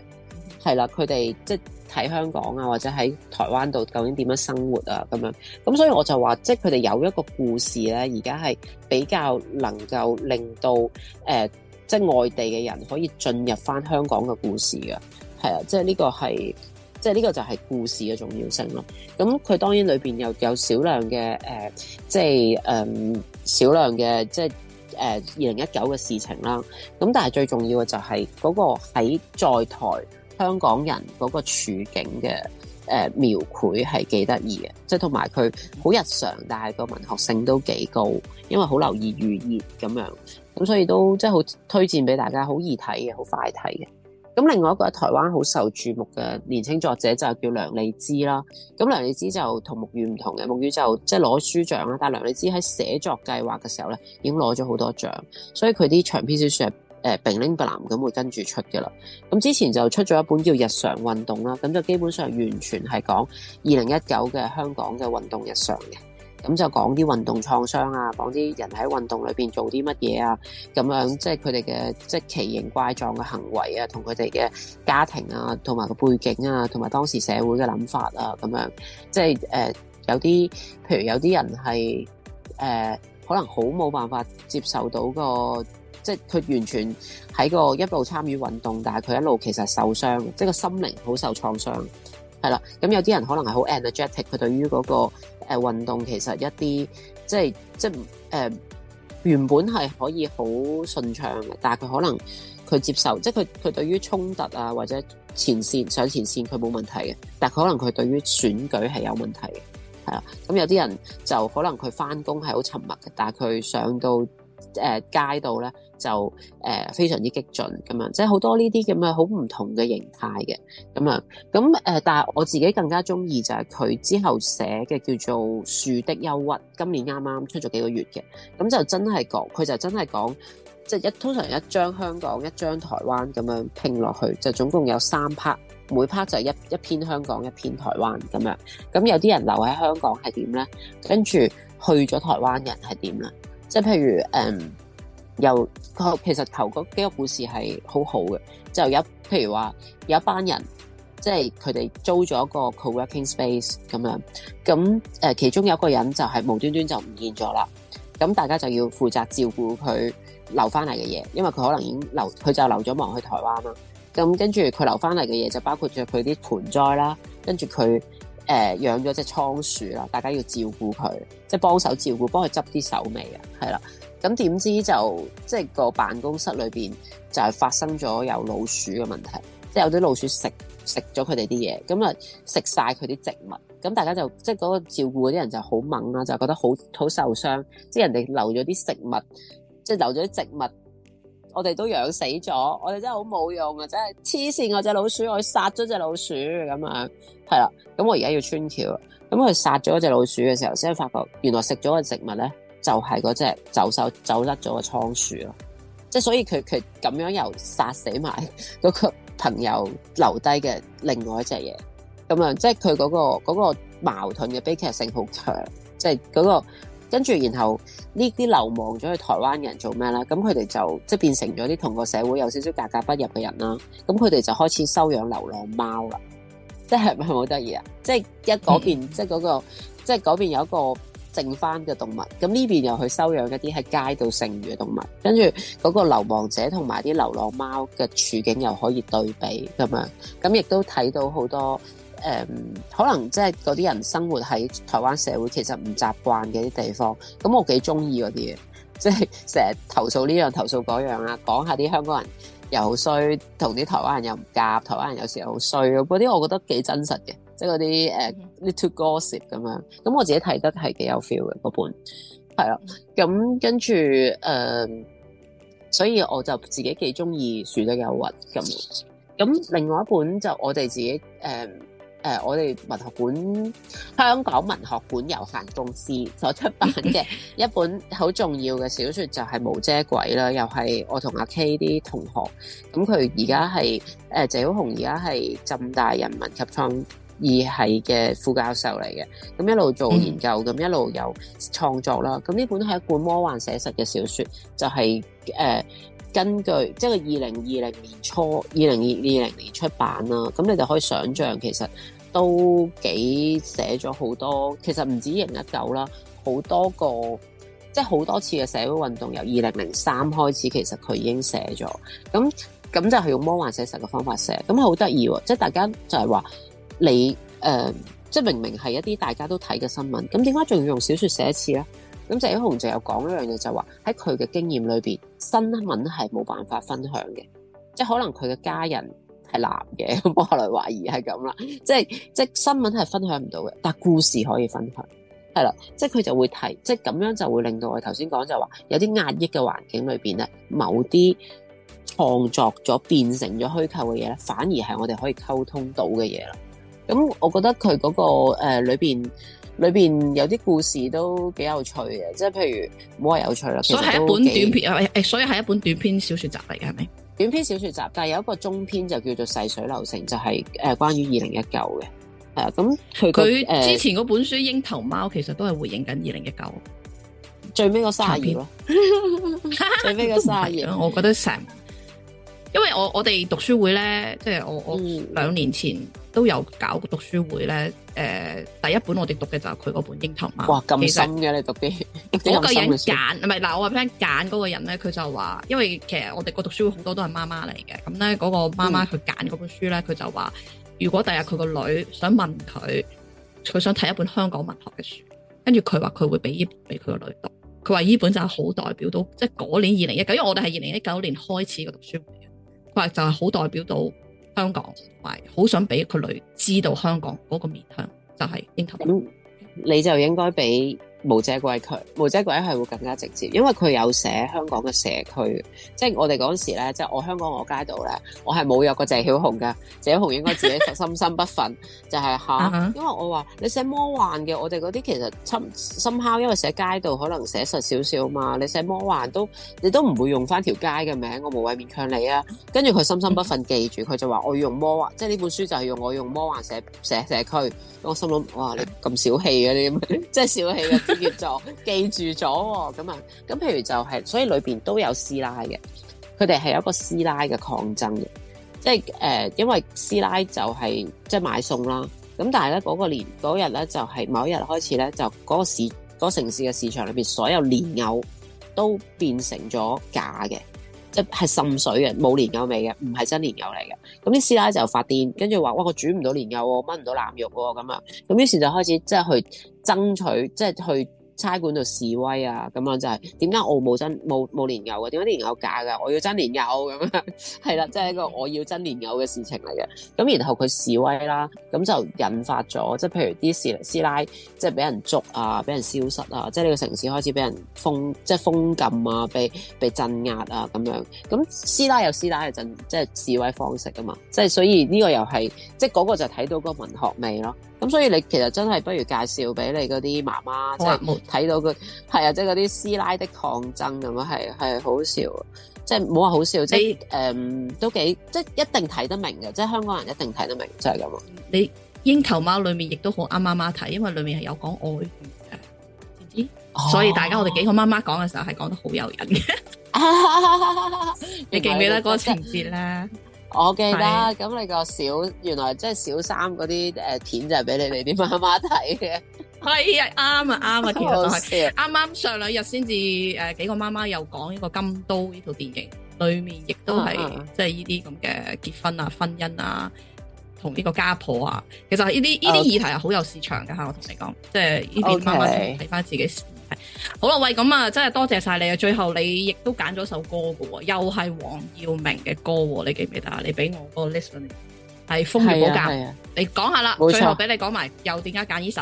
係啦，佢哋即係。睇香港啊，或者喺台灣度究竟點樣生活啊，咁樣咁，所以我就話，即係佢哋有一個故事咧，而家係比較能夠令到誒、呃，即係外地嘅人可以進入翻香港嘅故事嘅，係啊，即係呢個係，即係呢個就係故事嘅重要性咯。咁佢當然裏邊又有少量嘅誒、呃，即係誒少量嘅即係誒二零一九嘅事情啦。咁但係最重要嘅就係、是、嗰、嗰個喺在，在台。香港人嗰個處境嘅誒、呃、描繪係幾得意嘅，即係同埋佢好日常，但係個文學性都幾高，因為好留意語意咁樣，咁所以都即係好推薦俾大家，好易睇嘅，好快睇嘅。咁另外一個喺台灣好受注目嘅年輕作者就係叫梁莉姿啦。咁梁莉姿就木不同沐羽唔同嘅，沐羽就即係攞書獎啦，但係梁莉姿喺寫作計劃嘅時候咧已經攞咗好多獎，所以佢啲長篇小説，誒、呃、並零不藍咁會跟住出嘅啦。咁之前就出咗一本叫《日常運動》啦，咁就基本上完全係講二零一九嘅香港嘅運動日常嘅。咁就講啲運動創傷啊，講啲人喺運動裏面做啲乜嘢啊，咁樣即係佢哋嘅即係奇形怪狀嘅行為啊，同佢哋嘅家庭啊，同埋個背景啊，同埋當時社會嘅諗法啊，咁樣即係誒、呃、有啲譬如有啲人係誒、呃、可能好冇辦法接受到個。即係佢完全喺個一路參與運動，但係佢一路其實受傷，即係個心靈好受創傷，係啦。咁有啲人可能係好 energetic，佢對於嗰個誒運動其實一啲即係即係誒、呃、原本係可以好順暢嘅，但係佢可能佢接受，即係佢佢對於衝突啊或者前線上前線佢冇問題嘅，但係佢可能佢對於選舉係有問題嘅，係啦。咁有啲人就可能佢返工係好沉默嘅，但係佢上到。誒、呃、街道咧就誒、呃、非常之激進咁樣，即係好多呢啲咁嘅好唔同嘅形態嘅咁樣。咁誒，但係、呃、我自己更加中意就係佢之後寫嘅叫做《樹的憂鬱》，今年啱啱出咗幾個月嘅。咁就真係講，佢就真係講，即係一通常一張香港一張台灣咁樣拼落去，就總共有三 part，每 part 就係一一篇香港一篇台灣咁樣。咁有啲人留喺香港係點咧？跟住去咗台灣人係點咧？即係譬如誒，有、嗯、個其實頭嗰幾個故事係好好嘅，就有譬如話有一班人，即係佢哋租咗個 co-working space 咁樣，咁、嗯、其中有個人就係無端端就唔見咗啦，咁大家就要負責照顧佢留翻嚟嘅嘢，因為佢可能已經留佢就留咗忙去台灣啦，咁跟住佢留翻嚟嘅嘢就包括咗佢啲盆栽啦，跟住佢。誒、呃、養咗隻倉鼠啦，大家要照顧佢，即係幫手照顧，幫佢執啲手尾啊，係啦。咁點知就即係、就是、個辦公室裏面就係發生咗有老鼠嘅問題，即、就是、有啲老鼠食食咗佢哋啲嘢，咁啊食晒佢啲植物。咁大家就即嗰、就是、個照顧嗰啲人就好猛啦，就覺得好好受傷，即、就是、人哋留咗啲食物，即、就是、留咗啲植物。我哋都養死咗，我哋真係好冇用啊！真係黐線，嗰隻老鼠，我殺咗隻老鼠咁樣，係啦。咁我而家要穿橋啦，咁佢殺咗嗰隻老鼠嘅時候，先發覺原來食咗個植物咧，就係嗰隻走手走甩咗個倉鼠咯。即係所以佢佢咁樣又殺死埋嗰個朋友留低嘅另外一隻嘢，咁樣即係佢嗰個嗰、嗰個矛盾嘅悲劇性好強，即係嗰、嗰個。跟住，然後呢啲流亡咗去台灣嘅人做咩咧？咁佢哋就即係變成咗啲同個社會有少少格格不入嘅人啦。咁佢哋就開始收養流浪貓啦，即係咪好得意啊？即係一嗰邊，即係嗰個，即係嗰邊有一個剩翻嘅動物，咁呢邊又去收養一啲喺街度剩餘嘅動物，跟住嗰個流亡者同埋啲流浪貓嘅處境又可以對比咁樣，咁亦都睇到好多。誒、um，可能即係嗰啲人生活喺台灣社會，其實唔習慣嘅啲地方，咁我幾中意嗰啲嘢，即係成日投訴呢樣投訴嗰樣啊，講下啲香港人又好衰，同啲台灣人又唔夾，台灣人有時又好衰咁，嗰啲我覺得幾真實嘅，即係嗰啲誒 little gossip 咁樣。咁我自己睇得係幾有 feel 嘅嗰本，係啦。咁跟住誒，uh, 所以我就自己幾中意《樹德有鬱》咁。咁另外一本就我哋自己誒。Um, 誒、呃，我哋文學館香港文學館有限公司所出版嘅 [LAUGHS] 一本好重要嘅小説就係、是《無遮鬼》啦，又係我同阿 K 啲同學，咁佢而家係誒謝曉虹，而家係浸大人民人文及創意系嘅副教授嚟嘅。咁、嗯、一路做研究，咁一路有創作啦，咁、嗯、呢本係一本魔幻寫實嘅小説，就係、是、誒。呃根據即係二零二零年初，二零二二零年出版啦，咁你就可以想象其實都幾寫咗好多。其實唔止二零一九啦，好多個即係好多次嘅社會運動，由二零零三開始，其實佢已經寫咗。咁咁就係用魔幻寫實嘅方法寫，咁好得意喎！即係大家就係話你誒、呃，即係明明係一啲大家都睇嘅新聞，咁點解仲要用小説寫一次咧？咁鄭一雄就有講一樣嘢，就話喺佢嘅經驗裏邊，新聞係冇辦法分享嘅，即係可能佢嘅家人係男嘅，我後來懷疑係咁啦，即係即係新聞係分享唔到嘅，但故事可以分享，係啦，即係佢就會提，即係咁樣就會令到我頭先講就話，有啲壓抑嘅環境裏邊咧，某啲創作咗變成咗虛構嘅嘢咧，反而係我哋可以溝通到嘅嘢啦。咁我覺得佢嗰、那個誒、呃、裏邊。裏邊有啲故事都幾有趣嘅，即係譬如唔好話有趣啦，所以係一本短篇，誒誒，所以係一本短篇小說集嚟嘅，係咪？短篇小說集，但係有一個中篇就叫做《細水流成》，就係、是、誒、呃、關於二零一九嘅，係啊。咁佢之前嗰本書《鷹、嗯、頭貓》其實都係回應緊二零一九，最尾個沙魚，最尾個沙魚， [LAUGHS] 是 [LAUGHS] 我覺得成。因為我我哋讀書會咧，即係我、嗯、我兩年前都有搞讀書會咧。誒、呃，第一本我哋讀嘅就係佢嗰本櫻桃嘛。哇，咁深嘅你讀啲？嗰 [LAUGHS] 人 [LAUGHS] 個人揀唔係嗱，我阿 friend 揀嗰個人咧，佢就話，因為其實我哋個讀書會好多都係媽媽嚟嘅，咁咧嗰個媽媽去揀嗰本書咧，佢、嗯、就話，如果第日佢個女想問佢，佢想睇一本香港文學嘅書，跟住佢話佢會俾依本俾佢個女讀。佢話依本就係好代表到，即係嗰年二零一九，因為我哋係二零一九年開始個讀書佢就係、是、好代表到香港，同埋好想俾佢女知道香港嗰個面向，就係英國。咁、嗯、你就應該俾。無遮鬼區，無遮鬼係會更加直接，因為佢有寫香港嘅社區。即、就、係、是、我哋嗰陣時咧，即、就、係、是、我香港我街道咧，我係冇有約過謝曉虹嘅。謝曉虹應該自己心心不忿， [LAUGHS] 就係、是、吓、啊 uh -huh. 因為我話你寫魔幻嘅，我哋嗰啲其實深深敲，因為寫街道可能寫實少少嘛。你寫魔幻都你都唔會用返條街嘅名，我無謂勉強你啊。跟住佢心心不忿，記住佢就話我要用魔幻， [LAUGHS] 即係呢本書就係用我用魔幻寫寫社區。我心諗哇，你咁小氣啊，你 [LAUGHS] 真係小氣啊。」 [LAUGHS] [LAUGHS] 記住咗，咁啊，咁譬如就係、是，所以裏邊都有師奶嘅，佢哋係有一個師奶嘅抗爭嘅，即係誒，因為師奶就係即係買餸啦，咁但係咧嗰個年嗰、那個、日咧就係、是、某一日開始咧，就嗰個市嗰、那個城市嘅市場裏邊所有蓮藕都變成咗假嘅。即係滲水嘅，冇蓮藕味嘅，唔係真蓮藕嚟嘅。咁啲師奶就發癲，跟住話：哇！我煮唔到蓮藕喎，炆唔到腩肉喎，咁樣。咁於是就開始即係去爭取，即係去。差館度示威啊，咁樣就係點解我冇真冇冇年油啊？點解啲年油假噶？我要真年油咁樣係啦，即係一個我要真年油嘅事情嚟嘅。咁然後佢示威啦，咁就引發咗，即係譬如啲師師奶即係俾人捉啊，俾人消失啊，即係呢個城市開始俾人封，即係封禁啊，被被鎮壓啊咁樣。咁師奶有師奶嘅陣，即係示威方式噶嘛？即係所以呢個又係即係嗰個就睇到個文學味咯。咁所以你其實真係不如介紹俾你嗰啲媽媽，即係冇睇到佢係啊，即係嗰啲師奶的抗爭咁樣係係好笑，即係冇話好笑，即係誒都幾即係一定睇得明嘅，即係香港人一定睇得明，就係咁，你英球貓裡面亦都好啱媽媽睇，因為裡面係有講愛嘅，知唔知、啊、所以大家我哋幾個媽媽講嘅時候係講得好有癮嘅， [LAUGHS] 啊、 [LAUGHS] 你記唔記得嗰個情節咧？啊 [LAUGHS] 我記得，咁你個小原來即係小三嗰啲誒片就係俾你哋啲 [LAUGHS] 媽媽睇嘅。係、 [LAUGHS] 哎、啊，啱啊，啱啊、其實就係，呢套，啱啱上兩日先至誒，幾個媽媽又講呢個金都呢套電影裏面也是，亦都係即係呢啲咁嘅結婚啊、婚姻啊，同呢個家婆啊，其實係呢啲呢啲議題係好有市場噶吓，我同你講，即係呢啲媽媽睇翻自己。Okay. 好啦，喂，咁啊，真係多謝晒你啊！最後你亦都揀咗首歌噶又係黃耀明嘅歌，你記唔記得給啊，啊？你俾我個 list 係《風月寶鑒》，你講下啦，最後俾你講埋，又點解揀呢首？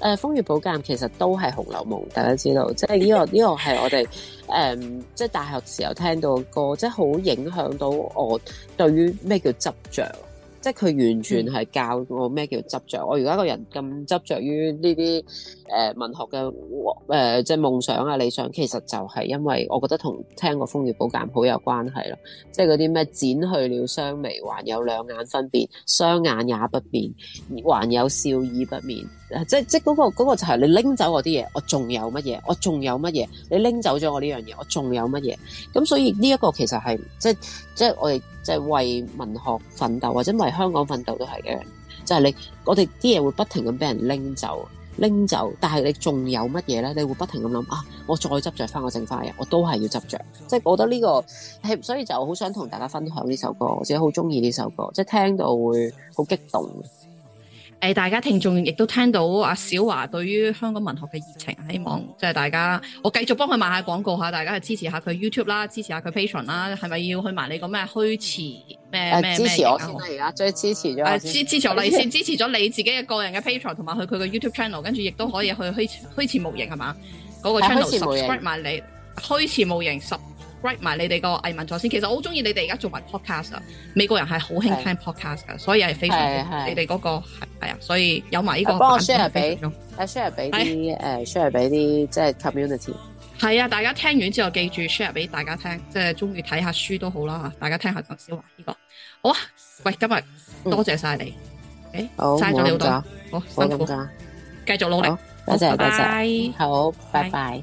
誒，《風月寶鑒》其實都係《紅樓夢》，大家知道，即係呢個呢、這個係我哋誒，即 [LAUGHS] 係、嗯就是、大學時候聽到嘅歌，即係好影響到我對於咩叫執着。即係佢完全係教我咩叫執着、嗯。我而家個人咁執着於呢啲誒文學嘅誒、呃、即係夢想啊理想，其實就係因為我覺得同聽過《風月寶鑑》好有關係咯。即係嗰啲咩剪去了雙眉，還有兩眼分辨，雙眼也不變，還有笑意不變、啊。即係即係、嗰、嗰個、嗰個就係你拎走我啲嘢，我仲有乜嘢？我仲有乜嘢？你拎走咗我呢樣嘢，我仲有乜嘢？咁所以呢一個其實係即係即係我哋。即、為文學奮鬥，或者為香港奮鬥都係嘅。就係你，我哋啲嘢會不停咁俾人拎走、拎走，但係你仲有乜嘢咧？你會不停咁諗啊！我再執着翻我剩快嘅嘢，我都係要執着。」即係我覺得呢個係，所以就好想同大家分享呢首歌，我自己好中意呢首歌，即、聽到會好激動。誒，大家聽眾亦都聽到阿小樺對於香港文學嘅熱情，希望即係大家，我繼續幫佢賣下廣告下，大家去支持下佢 YouTube 啦，支持下佢 Patreon 啦，係咪要去埋你個咩虛詞咩咩咩支持我先啦，而家最支持咗，支持我嚟先、啊、支持咗、啊、你自己嘅個人嘅 Patreon 同埋佢佢嘅 YouTube channel，跟住亦都可以去虛虛詞無形係嘛？嗰、那個 channel subscribe、啊、埋你虛詞無形十。寫埋你哋個藝文座先，其實我好中意你哋而家做埋 podcast 啊！美國人係好興聽 podcast 噶，所以係非常喜歡你哋嗰、那個係係啊，所以有埋呢個。幫我 share 俾，share 俾啲誒，share 俾啲即係 community。係啊，大家聽完之後記住 share 俾大家聽，即係中意睇下書都好啦。大家聽下鄧小樺呢、這個好啊！喂，今日多謝晒你、嗯欸，好，晒咗你好多，好辛苦，繼續努力，多謝，拜拜。好，拜拜。